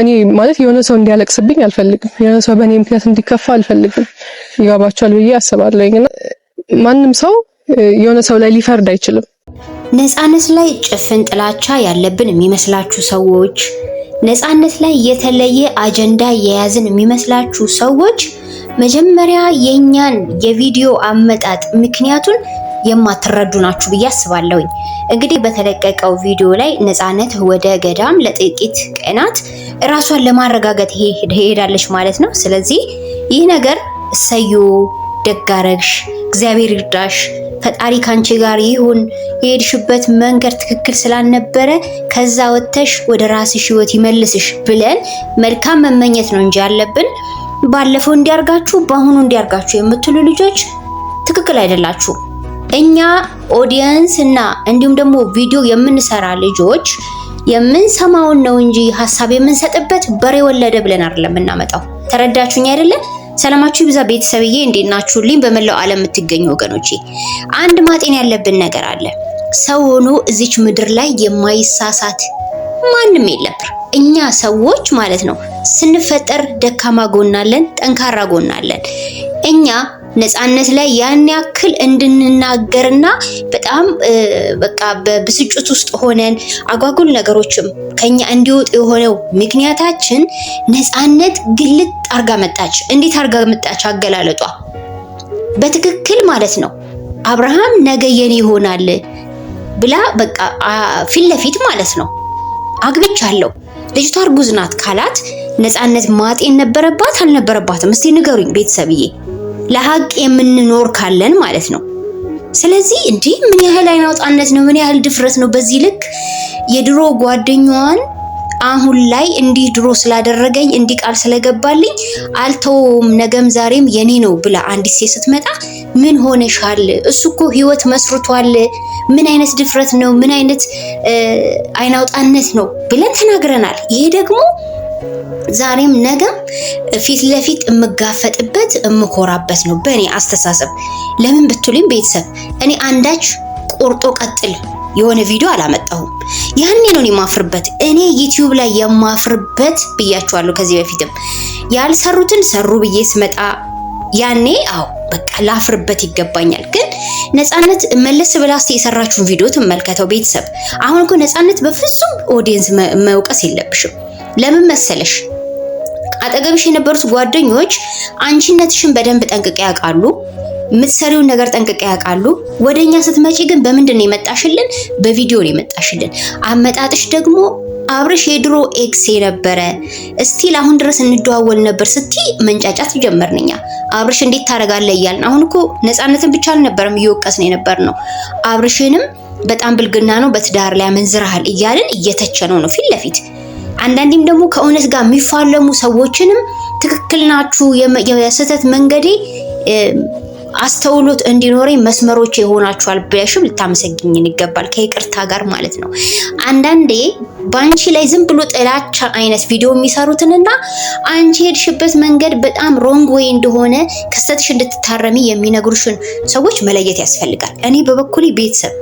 እኔ ማለት የሆነ ሰው እንዲያለቅስብኝ አልፈልግም። የሆነ ሰው በእኔ ምክንያት እንዲከፋ አልፈልግም። ይገባቸዋል ብዬ አስባለሁኝ እና ማንም ሰው የሆነ ሰው ላይ ሊፈርድ አይችልም። ነፃነት ላይ ጭፍን ጥላቻ ያለብን የሚመስላችሁ ሰዎች፣ ነፃነት ላይ የተለየ አጀንዳ የያዝን የሚመስላችሁ ሰዎች መጀመሪያ የእኛን የቪዲዮ አመጣጥ ምክንያቱን የማትረዱ ናችሁ ብዬ አስባለሁኝ። እንግዲህ በተለቀቀው ቪዲዮ ላይ ነፃነት ወደ ገዳም ለጥቂት ቀናት እራሷን ለማረጋጋት ሄዳለች ማለት ነው። ስለዚህ ይህ ነገር እሰዮ ደጋረግሽ፣ እግዚአብሔር ይርዳሽ ፈጣሪ ካንቺ ጋር ይሁን። የሄድሽበት መንገድ ትክክል ስላልነበረ ከዛ ወጥተሽ ወደ ራስሽ ህይወት ይመልስሽ ብለን መልካም መመኘት ነው እንጂ ያለብን። ባለፈው እንዲያርጋችሁ በአሁኑ እንዲያርጋችሁ የምትሉ ልጆች ትክክል አይደላችሁም እኛ ኦዲየንስ እና እንዲሁም ደግሞ ቪዲዮ የምንሰራ ልጆች የምንሰማውን ነው እንጂ ሀሳብ የምንሰጥበት በሬ ወለደ ብለን አይደለም የምናመጣው። ተረዳችሁኝ አይደለ? ሰላማችሁ ይብዛ ቤተሰብዬ፣ እንዴት ናችሁልኝ? በመላው ዓለም የምትገኙ ወገኖቼ፣ አንድ ማጤን ያለብን ነገር አለ። ሰው ሆኖ እዚች ምድር ላይ የማይሳሳት ማንም የለም። እኛ ሰዎች ማለት ነው ስንፈጠር ደካማ ጎናለን፣ ጠንካራ ጎናለን። እኛ ነፃነት ላይ ያን ያክል እንድንናገርና በጣም በቃ በብስጭት ውስጥ ሆነን አጓጉል ነገሮችም ከኛ እንዲወጡ የሆነው ምክንያታችን ነፃነት ግልጥ አርጋ መጣች። እንዴት አርጋ መጣች? አገላለጧ በትክክል ማለት ነው። አብርሃም ነገ የኔ ይሆናል ብላ በቃ ፊት ለፊት ማለት ነው አግብቻለሁ ልጅቷ እርጉዝ ናት ካላት ነፃነት ማጤን ነበረባት አልነበረባትም? እስቲ ንገሩኝ ቤተሰብዬ። ለሀቅ የምንኖር ካለን ማለት ነው። ስለዚህ እንዲህ ምን ያህል አይናውጣነት ነው? ምን ያህል ድፍረት ነው? በዚህ ልክ የድሮ ጓደኛዋን አሁን ላይ እንዲህ ድሮ ስላደረገኝ እንዲህ ቃል ስለገባልኝ አልተውም፣ ነገም ዛሬም የኔ ነው ብላ አንዲት ሴት ስትመጣ ምን ሆነሻል? እሱ እኮ ህይወት መስርቷል። ምን አይነት ድፍረት ነው? ምን አይነት አይናውጣነት ነው ብለን ተናግረናል። ይሄ ደግሞ ዛሬም ነገም ፊት ለፊት የምጋፈጥበት የምኮራበት ነው በእኔ አስተሳሰብ። ለምን ብትሉኝ ቤተሰብ እኔ አንዳች ቆርጦ ቀጥል የሆነ ቪዲዮ አላመጣሁም። ያኔ ነው የማፍርበት እኔ ዩቲዩብ ላይ የማፍርበት ብያችኋለሁ። ከዚህ በፊትም ያልሰሩትን ሰሩ ብዬ ስመጣ ያኔ አዎ በቃ ላፍርበት ይገባኛል። ግን ነፃነት መለስ ብላስ የሰራችሁን ቪዲዮ ትመልከተው ቤተሰብ። አሁን እኮ ነፃነት በፍጹም ኦዲየንስ መውቀስ የለብሽም። ለምን መሰለሽ አጠገብሽ የነበሩት ጓደኞች አንቺነትሽን በደንብ ጠንቅቀ ያውቃሉ። የምትሰሪውን ነገር ጠንቅቀ ያውቃሉ። ወደኛ ስትመጪ ግን በምንድን ነው የመጣሽልን? በቪዲዮ ነው የመጣሽልን። አመጣጥሽ ደግሞ አብርሽ የድሮ ኤክስ የነበረ እስቲል አሁን ድረስ እንደዋወል ነበር ስቲ መንጫጫት ጀመርንኛ። እኛ አብርሽ እንዴት ታደርጋለህ እያልን አሁን እኮ ነፃነትን ብቻ አልነበረም እየወቀስን የነበር ነው። አብርሽንም በጣም ብልግና ነው በትዳር ላይ አመንዝረሃል እያልን እየተቸነው ነው ፊት ለፊት አንዳንዴም ደግሞ ከእውነት ጋር የሚፋለሙ ሰዎችንም ትክክል ናችሁ፣ የስህተት መንገዴ አስተውሎት እንዲኖረኝ መስመሮች ይሆናችኋል ብለሽም ልታመሰግኝን ይገባል። ከይቅርታ ጋር ማለት ነው። አንዳንዴ በአንቺ ላይ ዝም ብሎ ጥላቻ አይነት ቪዲዮ የሚሰሩትንና አንቺ ሄድሽበት መንገድ በጣም ሮንግ ወይ እንደሆነ ከስተትሽ እንድትታረሚ የሚነግሩሽን ሰዎች መለየት ያስፈልጋል። እኔ በበኩሌ ቤተሰብ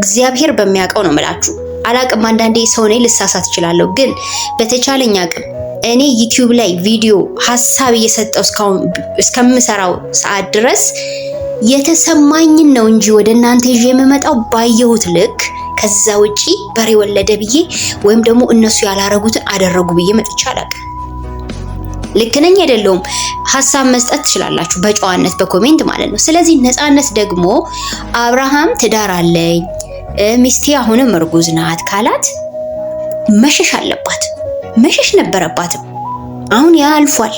እግዚአብሔር በሚያውቀው ነው ምላችሁ አላቅም። አንዳንዴ ሰው ነኝ ልሳሳት እችላለሁ። ግን በተቻለኝ አቅም እኔ ዩቲዩብ ላይ ቪዲዮ ሀሳብ እየሰጠው እስካሁን እስከምሰራው ሰዓት ድረስ የተሰማኝን ነው እንጂ ወደ እናንተ ይዤ የምመጣው ባየሁት ልክ ከዛ ውጪ በሬ ወለደ ብዬ ወይም ደግሞ እነሱ ያላረጉትን አደረጉ ብዬ መጥቼ አላውቅም። ልክ ነኝ አይደለሁም? ሀሳብ መስጠት ትችላላችሁ፣ በጨዋነት በኮሜንት ማለት ነው። ስለዚህ ነፃነት ደግሞ አብርሃም ትዳር አለኝ ሚስቴ አሁንም እርጉዝ ናት ካላት መሸሽ አለባት። መሸሽ ነበረባትም። አሁን ያ አልፏል።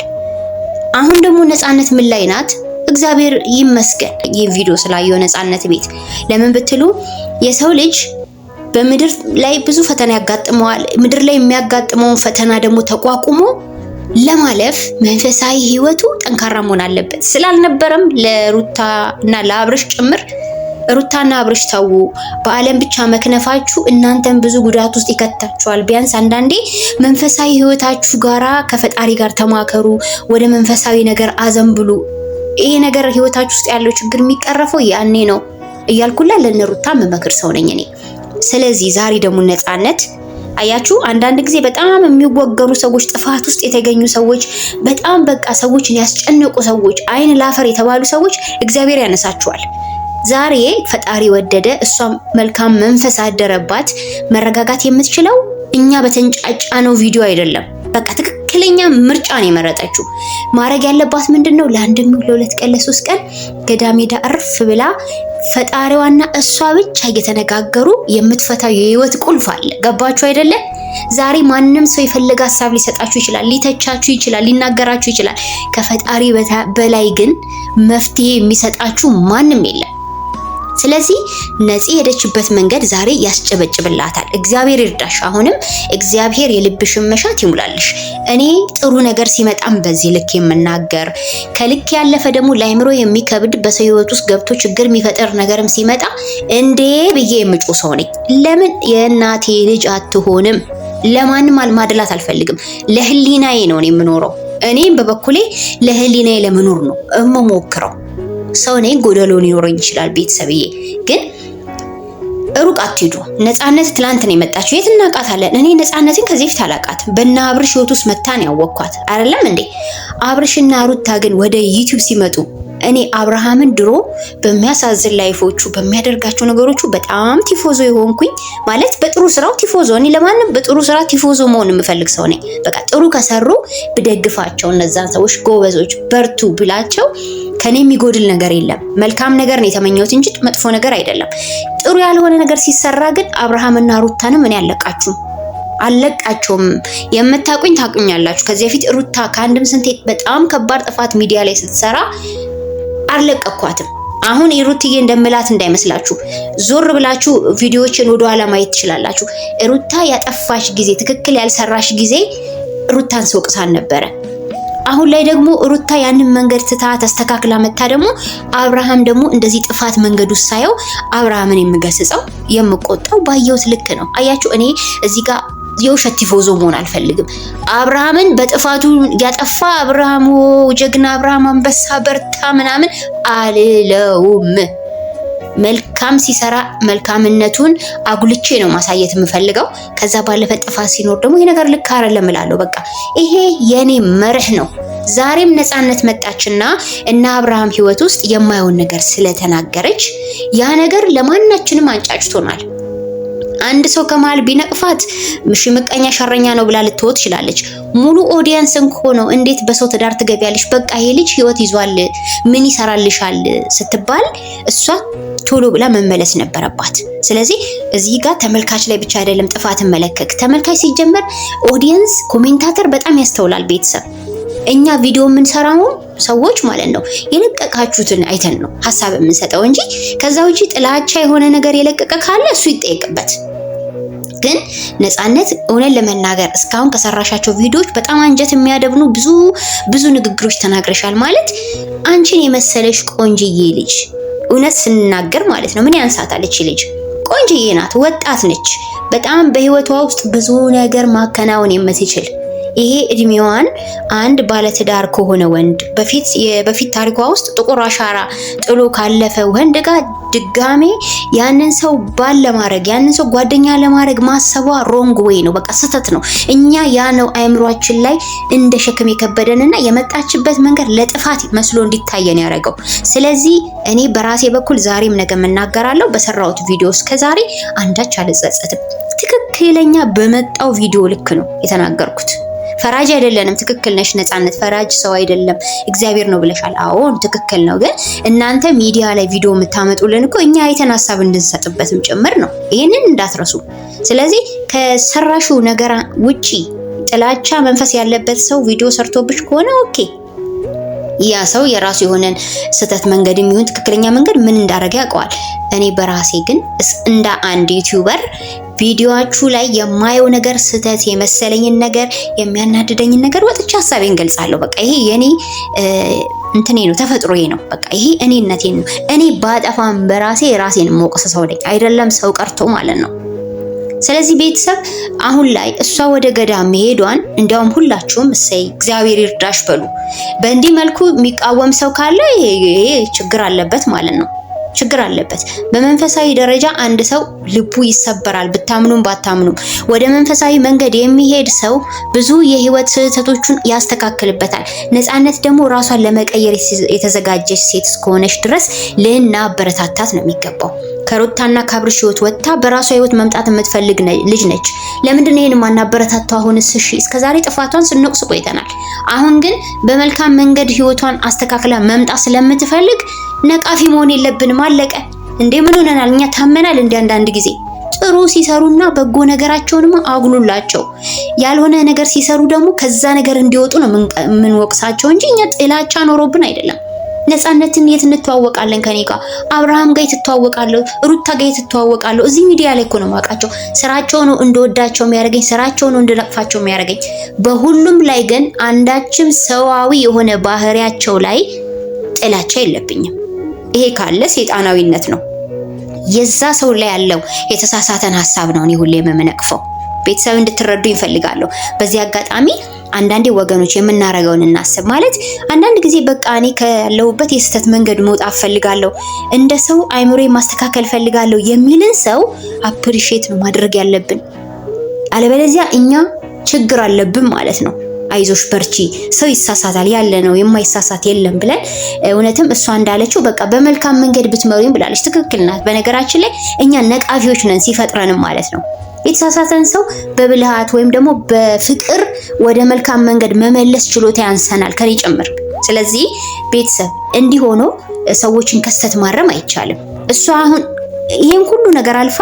አሁን ደግሞ ነፃነት ምን ላይ ናት? እግዚአብሔር ይመስገን ይህ ቪዲዮ ስላየው ነፃነት ቤት። ለምን ብትሉ የሰው ልጅ በምድር ላይ ብዙ ፈተና ያጋጥመዋል። ምድር ላይ የሚያጋጥመውን ፈተና ደግሞ ተቋቁሞ ለማለፍ መንፈሳዊ ሕይወቱ ጠንካራ መሆን አለበት። ስላልነበረም ለሩታ እና ለአብርሽ ጭምር ሩታና አብርሽ ተዉ፣ በዓለም ብቻ መክነፋችሁ እናንተን ብዙ ጉዳት ውስጥ ይከታችኋል። ቢያንስ አንዳንዴ መንፈሳዊ ህይወታችሁ ጋራ ከፈጣሪ ጋር ተማከሩ፣ ወደ መንፈሳዊ ነገር አዘንብሉ። ይሄ ነገር ህይወታችሁ ውስጥ ያለው ችግር የሚቀረፈው ያኔ ነው እያልኩላ ለነሩታ መመክር ሰው ነኝ እኔ። ስለዚህ ዛሬ ደግሞ ነፃነት አያችሁ አንዳንድ ጊዜ በጣም የሚወገሩ ሰዎች ጥፋት ውስጥ የተገኙ ሰዎች በጣም በቃ ሰዎችን ያስጨነቁ ሰዎች አይን ላፈር የተባሉ ሰዎች እግዚአብሔር ያነሳቸዋል። ዛሬ ፈጣሪ ወደደ፣ እሷም መልካም መንፈስ አደረባት። መረጋጋት የምትችለው እኛ በተንጫጫ ነው ቪዲዮ አይደለም። በቃ ትክክለኛ ምርጫ ነው የመረጠችው። ማድረግ ያለባት ምንድን ነው? ለአንድም ለሁለት ቀን ለሶስት ቀን ገዳም ሄዳ እርፍ ብላ ፈጣሪዋና እሷ ብቻ እየተነጋገሩ የምትፈታው የህይወት ቁልፍ አለ። ገባችሁ አይደለ? ዛሬ ማንም ሰው የፈለገ ሀሳብ ሊሰጣችሁ ይችላል፣ ሊተቻችሁ ይችላል፣ ሊናገራችሁ ይችላል። ከፈጣሪ በላይ ግን መፍትሄ የሚሰጣችሁ ማንም የለም። ስለዚህ ነፂ የሄደችበት መንገድ ዛሬ ያስጨበጭብላታል። እግዚአብሔር ይርዳሽ። አሁንም እግዚአብሔር የልብሽን መሻት ይሙላልሽ። እኔ ጥሩ ነገር ሲመጣም በዚህ ልክ የምናገር ከልክ ያለፈ ደግሞ ለአይምሮ የሚከብድ በሰው ህይወት ውስጥ ገብቶ ችግር የሚፈጠር ነገርም ሲመጣ እንዴ ብዬ የምጮ ሰው ነኝ። ለምን የእናቴ ልጅ አትሆንም? ለማንም አልማድላት አልፈልግም። ለህሊናዬ ነው የምኖረው። እኔም በበኩሌ ለህሊናዬ ለመኖር ነው እምሞክረው። ሰው ጎደሎ ሊኖረኝ ይችላል ቤተሰብዬ። ግን ሩቅ አትሄዱ። ነፃነት ትላንት ነው የመጣችው። የት እናውቃታለን? እኔ ነፃነትን ከዚህ ፊት አላውቃትም። በእነ አብርሽ ህይወት ውስጥ መታን ያወቅኳት። አይደለም እንዴ? አብርሽና ሩታ ግን ወደ ዩቲዩብ ሲመጡ እኔ አብርሃምን ድሮ በሚያሳዝን ላይፎቹ በሚያደርጋቸው ነገሮቹ በጣም ቲፎዞ የሆንኩኝ ማለት በጥሩ ስራው ቲፎዞ። እኔ ለማንም በጥሩ ስራ ቲፎዞ መሆን የምፈልግ ሰው ነኝ። በቃ ጥሩ ከሰሩ ብደግፋቸው፣ እነዛን ሰዎች ጎበዞች፣ በርቱ ብላቸው ከኔ የሚጎድል ነገር የለም። መልካም ነገር ነው የተመኘሁት እንጂ መጥፎ ነገር አይደለም። ጥሩ ያልሆነ ነገር ሲሰራ ግን አብርሃምና ሩታንም እኔ አለቃችሁም አለቃቸውም የምታቁኝ ታቁኛላችሁ። ከዚህ በፊት ሩታ ከአንድም ስንቴ በጣም ከባድ ጥፋት ሚዲያ ላይ ስትሰራ አልለቀኳትም። አሁን ሩትዬ እንደምላት እንዳይመስላችሁ። ዞር ብላችሁ ቪዲዮዎችን ወደ ኋላ ማየት ትችላላችሁ። ሩታ ያጠፋሽ ጊዜ፣ ትክክል ያልሰራሽ ጊዜ ሩታን ስወቅሳን ነበረ። አሁን ላይ ደግሞ ሩታ ያንን መንገድ ትታ ተስተካክላ መታ ደግሞ አብርሃም ደግሞ እንደዚህ ጥፋት መንገዱ ሳየው አብርሃምን የምገስጸው የምቆጣው ባየሁት ልክ ነው። አያችሁ እኔ እዚህ ጋር የውሸት ቲፎዞ መሆን አልፈልግም። አብርሃምን በጥፋቱ ያጠፋ አብርሃም ጀግና አብርሃም አንበሳ በርታ ምናምን አልለውም። መልካም ሲሰራ መልካምነቱን አጉልቼ ነው ማሳየት የምፈልገው። ከዛ ባለፈ ጥፋት ሲኖር ደግሞ ይሄ ነገር ልክ አይደለም እላለሁ። በቃ ይሄ የኔ መርህ ነው። ዛሬም ነፃነት መጣችና እና አብርሃም ህይወት ውስጥ የማየውን ነገር ስለተናገረች ያ ነገር ለማናችንም አንጫጭቶናል። አንድ ሰው ከመሃል ቢነቅፋት ምሽ ምቀኛ ሸረኛ ነው ብላ ልትወት ትችላለች። ሙሉ ኦዲየንስ እንኮ እንዴት በሰው ትዳር ትገቢያለሽ? በቃ ይሄ ልጅ ህይወት ይዟል፣ ምን ይሰራልሻል ስትባል እሷ ቶሎ ብላ መመለስ ነበረባት። ስለዚህ እዚህ ጋር ተመልካች ላይ ብቻ አይደለም ጥፋትን መለከክ። ተመልካች ሲጀመር ኦዲየንስ ኮሜንታተር በጣም ያስተውላል ቤተሰብ እኛ ቪዲዮ የምንሰራው ሰዎች ማለት ነው የለቀቃችሁትን አይተን ነው ሀሳብ የምንሰጠው እንጂ ከዛ ውጪ ጥላቻ የሆነ ነገር የለቀቀ ካለ እሱ ይጠየቅበት። ግን ነፃነት እውነት ለመናገር እስካሁን ከሰራሻቸው ቪዲዮዎች በጣም አንጀት የሚያደብኑ ብዙ ብዙ ንግግሮች ተናግረሻል። ማለት አንቺን የመሰለሽ ቆንጅዬ ልጅ እውነት ስንናገር ማለት ነው ምን ያንሳታለች ልጅ ቆንጅዬ ናት፣ ወጣት ነች። በጣም በህይወቷ ውስጥ ብዙ ነገር ማከናወን የምትችል ይሄ እድሜዋን አንድ ባለትዳር ከሆነ ወንድ በፊት በፊት ታሪኳ ውስጥ ጥቁር አሻራ ጥሎ ካለፈ ወንድ ጋር ድጋሜ ያንን ሰው ባል ለማድረግ ያንን ሰው ጓደኛ ለማድረግ ማሰቧ ሮንግ ዌይ ነው። በቃ ስህተት ነው። እኛ ያ ነው አእምሯችን ላይ እንደ ሸክም የከበደንና የመጣችበት መንገድ ለጥፋት መስሎ እንዲታየን ያደረገው። ስለዚህ እኔ በራሴ በኩል ዛሬም ነገ የምናገራለሁ በሰራሁት ቪዲዮ እስከዛሬ አንዳች አልጸጸትም። ትክክለኛ በመጣው ቪዲዮ ልክ ነው የተናገርኩት። ፈራጅ አይደለንም። ትክክል ነሽ ነፃነት፣ ፈራጅ ሰው አይደለም እግዚአብሔር ነው ብለሻል። አዎን ትክክል ነው። ግን እናንተ ሚዲያ ላይ ቪዲዮ የምታመጡልን እኮ እኛ አይተን ሀሳብ እንድንሰጥበትም ጭምር ነው። ይህንን እንዳትረሱ። ስለዚህ ከሰራሹ ነገር ውጪ ጥላቻ መንፈስ ያለበት ሰው ቪዲዮ ሰርቶብሽ ከሆነ ኦኬ ያ ሰው የራሱ የሆነን ስህተት መንገድ የሚሆን ትክክለኛ መንገድ ምን እንዳደረገ ያውቀዋል። እኔ በራሴ ግን እንደ አንድ ዩቲዩበር ቪዲዮችሁ ላይ የማየው ነገር ስህተት የመሰለኝን ነገር የሚያናድደኝን ነገር ወጥቼ ሀሳቤን ገልጻለሁ። በቃ ይሄ የኔ እንትኔ ነው፣ ተፈጥሮዬ ነው። በቃ ይሄ እኔነቴን ነው። እኔ ባጠፋም በራሴ ራሴን መወቅሰ ሰው ነኝ። አይደለም ሰው ቀርቶ ማለት ነው። ስለዚህ ቤተሰብ አሁን ላይ እሷ ወደ ገዳም መሄዷን እንዲያውም ሁላችሁም እሰይ እግዚአብሔር ይርዳሽ በሉ። በእንዲህ መልኩ የሚቃወም ሰው ካለ ይሄ ችግር አለበት ማለት ነው። ችግር አለበት። በመንፈሳዊ ደረጃ አንድ ሰው ልቡ ይሰበራል። ብታምኑም ባታምኑም ወደ መንፈሳዊ መንገድ የሚሄድ ሰው ብዙ የህይወት ስህተቶቹን ያስተካክልበታል። ነፃነት ደግሞ ራሷን ለመቀየር የተዘጋጀች ሴት እስከሆነች ድረስ ልናበረታታት ነው የሚገባው። ከሩታና ካብርሽ ህይወት ወጥታ በራሷ ህይወት መምጣት የምትፈልግ ልጅ ነች። ለምንድን ነው ይሄን ማናበረታታው? አሁንስ እሺ፣ እስከዛሬ ጥፋቷን ስንቆስቆ ቆይተናል። አሁን ግን በመልካም መንገድ ህይወቷን አስተካክላ መምጣት ስለምትፈልግ ነቃፊ መሆን የለብንም። አለቀ እንዴ! ምን ሆነናል እኛ? ታመናል እንደ አንዳንድ ጊዜ ጥሩ ሲሰሩና በጎ ነገራቸውንም አጉሉላቸው። ያልሆነ ነገር ሲሰሩ ደግሞ ከዛ ነገር እንዲወጡ ነው የምንወቅሳቸው እንጂ እኛ ጥላቻ ኖሮብን አይደለም። ነፃነትን የት እንተዋወቃለን? ከኔ ጋር አብርሃም ጋር የተተዋወቃለሁ፣ ሩታ ጋር የተተዋወቃለሁ። እዚህ ሚዲያ ላይ እኮ ነው የማውቃቸው። ስራቸው ነው እንደወዳቸው የሚያደርገኝ፣ ስራቸው ነው እንደነቅፋቸው የሚያደርገኝ። በሁሉም ላይ ግን አንዳችም ሰዋዊ የሆነ ባህሪያቸው ላይ ጥላቻ የለብኝም። ይሄ ካለ ሴጣናዊነት ነው። የዛ ሰው ላይ ያለው የተሳሳተን ሀሳብ ነው እኔ ሁሌ የምመነቅፈው። ቤተሰብ እንድትረዱ ይፈልጋለሁ። በዚህ አጋጣሚ አንዳንዴ ወገኖች የምናረገውን እናስብ። ማለት አንዳንድ ጊዜ በቃ እኔ ካለሁበት የስህተት መንገድ መውጣት ፈልጋለሁ፣ እንደ ሰው አይምሮ ማስተካከል ፈልጋለሁ የሚልን ሰው አፕሪሼት ነው ማድረግ ያለብን። አለበለዚያ እኛ ችግር አለብን ማለት ነው። አይዞሽ በርቺ፣ ሰው ይሳሳታል፣ ያለ ነው የማይሳሳት የለም ብለን እውነትም እሷ እንዳለችው በቃ በመልካም መንገድ ብትመሩኝ ብላለች። ትክክል ናት። በነገራችን ላይ እኛ ነቃፊዎች ነን ሲፈጥረንም ማለት ነው። የተሳሳተን ሰው በብልሃት ወይም ደግሞ በፍቅር ወደ መልካም መንገድ መመለስ ችሎታ ያንሰናል ከኔ ጭምር። ስለዚህ ቤተሰብ እንዲህ ሆኖ ሰዎችን ከስተት ማረም አይቻልም። እሷ አሁን ይህን ሁሉ ነገር አልፋ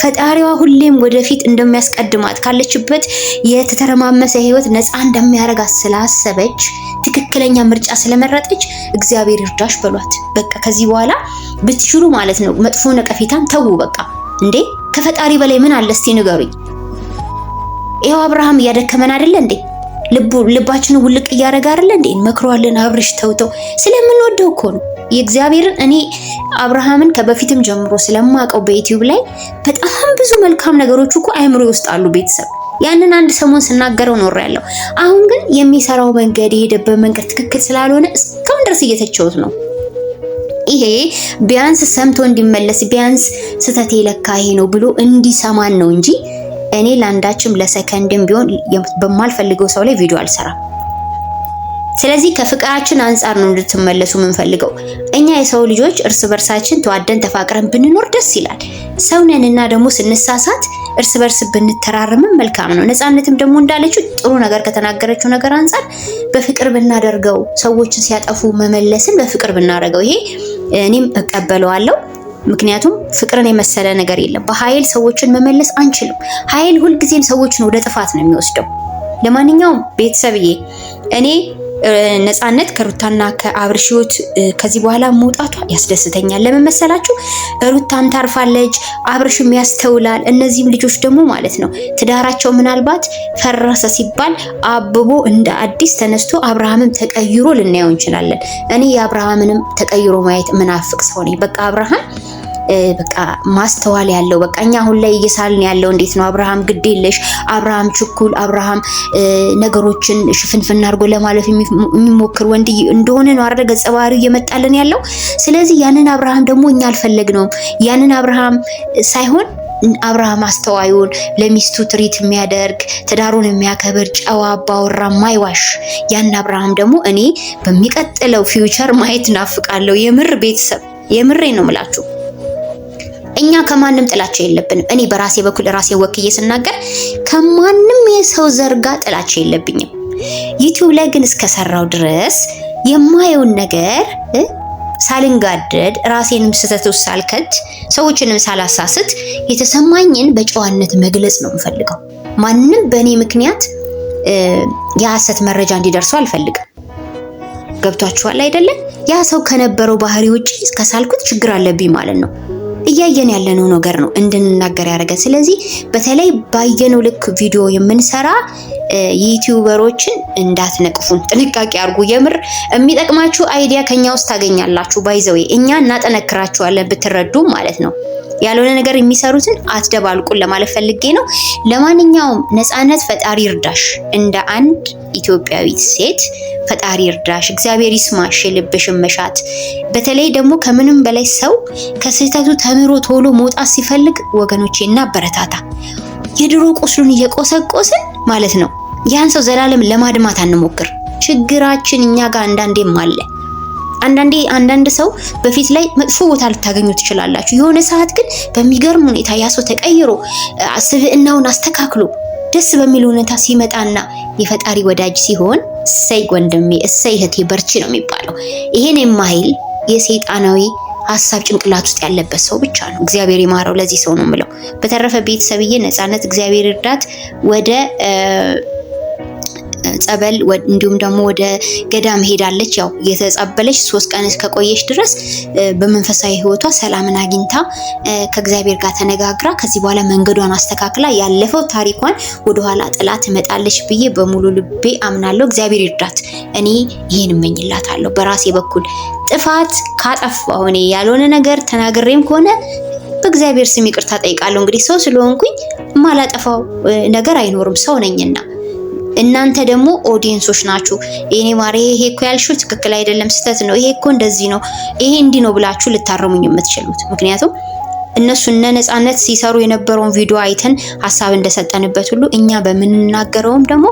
ፈጣሪዋ ሁሌም ወደፊት እንደሚያስቀድማት ካለችበት የተተረማመሰ ህይወት ነፃ እንደሚያደርጋት ስላሰበች ትክክለኛ ምርጫ ስለመረጠች እግዚአብሔር ይርዳሽ በሏት። በቃ ከዚህ በኋላ ብትችሉ ማለት ነው መጥፎ ነቀፌታን ተዉ። በቃ እንዴ ከፈጣሪ በላይ ምን አለ? እስቲ ንገሩኝ። ይኸው አብርሃም እያደከመን አይደለ እንዴ? ልቡ ልባችንን ውልቅ እያደረገ አይደለ እንዴ? መክሯልን አብርሽ ተውተው ስለምንወደው እኮ ነው። የእግዚአብሔርን እኔ አብርሃምን ከበፊትም ጀምሮ ስለማውቀው በዩቲዩብ ላይ በጣም ብዙ መልካም ነገሮች እኮ አይምሮ ውስጥ አሉ ቤተሰብ ያንን አንድ ሰሞን ስናገረው ኖር ያለው አሁን ግን የሚሰራው መንገድ የሄደበት መንገድ ትክክል ስላልሆነ እስካሁን ድረስ እየተቸውት ነው። ይሄ ቢያንስ ሰምቶ እንዲመለስ ቢያንስ ስህተቴ ለካ ይሄ ነው ብሎ እንዲሰማን ነው እንጂ እኔ ለአንዳችም ለሰከንድም ቢሆን በማልፈልገው ሰው ላይ ቪዲዮ አልሰራም። ስለዚህ ከፍቅራችን አንጻር ነው እንድትመለሱ የምንፈልገው። እኛ የሰው ልጆች እርስ በርሳችን ተዋደን ተፋቅረን ብንኖር ደስ ይላል። ሰውነንና ደግሞ ስንሳሳት እርስ በርስ ብንተራርምን መልካም ነው። ነፃነትም ደግሞ እንዳለችው ጥሩ ነገር ከተናገረችው ነገር አንጻር በፍቅር ብናደርገው፣ ሰዎችን ሲያጠፉ መመለስን በፍቅር ብናደርገው ይሄ እኔም እቀበለዋለሁ። ምክንያቱም ፍቅርን የመሰለ ነገር የለም። በኃይል ሰዎችን መመለስ አንችልም። ኃይል ሁልጊዜም ሰዎችን ወደ ጥፋት ነው የሚወስደው። ለማንኛውም ቤተሰብዬ እኔ ነፃነት ከሩታና ከአብርሽ ሕይወት ከዚህ በኋላ መውጣቷ ያስደስተኛል። ለምን መሰላችሁ? ሩታም ታርፋለች፣ አብርሽም ያስተውላል። እነዚህም ልጆች ደግሞ ማለት ነው ትዳራቸው ምናልባት ፈረሰ ሲባል አብቦ እንደ አዲስ ተነስቶ አብርሃምም ተቀይሮ ልናየው እንችላለን። እኔ የአብርሃምንም ተቀይሮ ማየት ምናፍቅ ሰው ነኝ። በቃ አብርሃም በቃ ማስተዋል ያለው በቃ እኛ አሁን ላይ እየሳልን ያለው እንዴት ነው? አብርሃም ግድ የለሽ፣ አብርሃም ችኩል፣ አብርሃም ነገሮችን ሽፍንፍን አድርጎ ለማለፍ የሚሞክር ወንድ እንደሆነ ነው አረ ገጸ እየመጣልን ያለው። ስለዚህ ያንን አብርሃም ደግሞ እኛ አልፈለግነውም። ያንን አብርሃም ሳይሆን አብርሃም አስተዋዩን ለሚስቱ ትሪት የሚያደርግ ትዳሩን የሚያከብር ጨዋ አባወራ ማይዋሽ ያን አብርሃም ደግሞ እኔ በሚቀጥለው ፊውቸር ማየት እናፍቃለሁ። የምር ቤተሰብ የምሬ ነው ምላችሁ እኛ ከማንም ጥላቻ የለብንም። እኔ በራሴ በኩል ራሴ ወክዬ ስናገር ከማንም የሰው ዘርጋ ጥላቻ የለብኝም። ዩቲዩብ ላይ ግን እስከሰራው ድረስ የማየውን ነገር ሳልንጋደድ ራሴንም ስህተት ውስጥ ሳልከት ሰዎችንም ሳላሳስት የተሰማኝን በጨዋነት መግለጽ ነው የምፈልገው። ማንም በእኔ ምክንያት የሐሰት መረጃ እንዲደርሱ አልፈልግም። ገብቷችኋል አይደለም? ያ ሰው ከነበረው ባህሪ ውጭ ከሳልኩት ችግር አለብኝ ማለት ነው። እያየን ያለነው ነገር ነው እንድንናገር ያደረገን። ስለዚህ በተለይ ባየነው ልክ ቪዲዮ የምንሰራ ዩቲዩበሮችን እንዳትነቅፉን፣ ጥንቃቄ አድርጉ። የምር የሚጠቅማችሁ አይዲያ ከኛ ውስጥ ታገኛላችሁ። ባይዘዌ እኛ እናጠነክራችኋለን ብትረዱ ማለት ነው። ያልሆነ ነገር የሚሰሩትን አትደባልቁን ለማለት ፈልጌ ነው። ለማንኛውም ነፃነት ፈጣሪ እርዳሽ፣ እንደ አንድ ኢትዮጵያዊት ሴት ፈጣሪ እርዳሽ፣ እግዚአብሔር ይስማሽ የልብሽን መሻት። በተለይ ደግሞ ከምንም በላይ ሰው ከስህተቱ ተምሮ ቶሎ መውጣት ሲፈልግ ወገኖች እና በረታታ የድሮ ቁስሉን እየቆሰቆስን ማለት ነው ያን ሰው ዘላለም ለማድማት አንሞክር። ችግራችን እኛ ጋር አንዳንዴም አለ። አንዳንዴ አንዳንድ ሰው በፊት ላይ መጥፎ ቦታ ልታገኙ ትችላላችሁ። የሆነ ሰዓት ግን በሚገርም ሁኔታ ያ ሰው ተቀይሮ ስብዕናውን አስተካክሎ ደስ በሚል ሁኔታ ሲመጣና የፈጣሪ ወዳጅ ሲሆን እሰይ ወንድሜ፣ እሰይ እህቴ፣ በርቺ ነው የሚባለው። ይሄን የማይል የሰይጣናዊ ሀሳብ ጭንቅላት ውስጥ ያለበት ሰው ብቻ ነው። እግዚአብሔር ይማረው። ለዚህ ሰው ነው የምለው። በተረፈ ቤተሰብዬ ነፃነት፣ እግዚአብሔር እርዳት ወደ ጸበል እንዲሁም ደግሞ ወደ ገዳም ሄዳለች። ያው የተጸበለች ሶስት ቀን እስከቆየች ድረስ በመንፈሳዊ ህይወቷ ሰላምን አግኝታ ከእግዚአብሔር ጋር ተነጋግራ ከዚህ በኋላ መንገዷን አስተካክላ ያለፈው ታሪኳን ወደኋላ ጥላ ትመጣለች ብዬ በሙሉ ልቤ አምናለሁ። እግዚአብሔር ይርዳት። እኔ ይህን እመኝላታለሁ በራሴ በኩል ጥፋት ካጠፋሁ እኔ ያልሆነ ነገር ተናግሬም ከሆነ በእግዚአብሔር ስም ይቅርታ ጠይቃለሁ። እንግዲህ ሰው ስለሆንኩኝ ማላጠፋው ነገር አይኖርም፣ ሰው ነኝና እናንተ ደግሞ ኦዲየንሶች ናችሁ። የኔ ማር ይሄ እኮ ያልሽው ትክክል አይደለም፣ ስህተት ነው፣ ይሄ እኮ እንደዚህ ነው፣ ይሄ እንዲህ ነው ብላችሁ ልታረሙኝ የምትችሉት ምክንያቱም እነሱ እነ ነጻነት ሲሰሩ የነበረውን ቪዲዮ አይተን ሀሳብ እንደሰጠንበት ሁሉ እኛ በምንናገረውም ደግሞ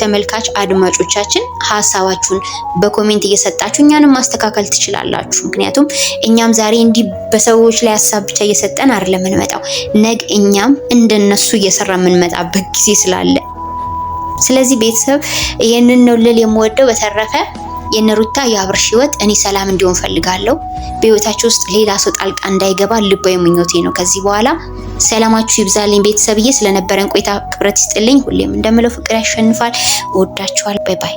ተመልካች አድማጮቻችን ሀሳባችሁን በኮሜንት እየሰጣችሁ እኛንም ማስተካከል ትችላላችሁ። ምክንያቱም እኛም ዛሬ እንዲህ በሰዎች ላይ ሀሳብ ብቻ እየሰጠን አይደለም የምንመጣው፣ ነግ እኛም እንደነሱ እየሰራ የምንመጣበት ጊዜ ስላለ ስለዚህ ቤተሰብ ይህንን ነው ልል የምወደው። በተረፈ የነሩታ የአብርሽ ህይወት እኔ ሰላም እንዲሆን ፈልጋለሁ። በህይወታችሁ ውስጥ ሌላ ሰው ጣልቃ እንዳይገባ ልባዊ ምኞቴ ነው። ከዚህ በኋላ ሰላማችሁ ይብዛልኝ ቤተሰብዬ። ስለነበረን ቆይታ ክብረት ይስጥልኝ። ሁሌም እንደምለው ፍቅር ያሸንፋል። እወዳችኋል። ባይ ባይ።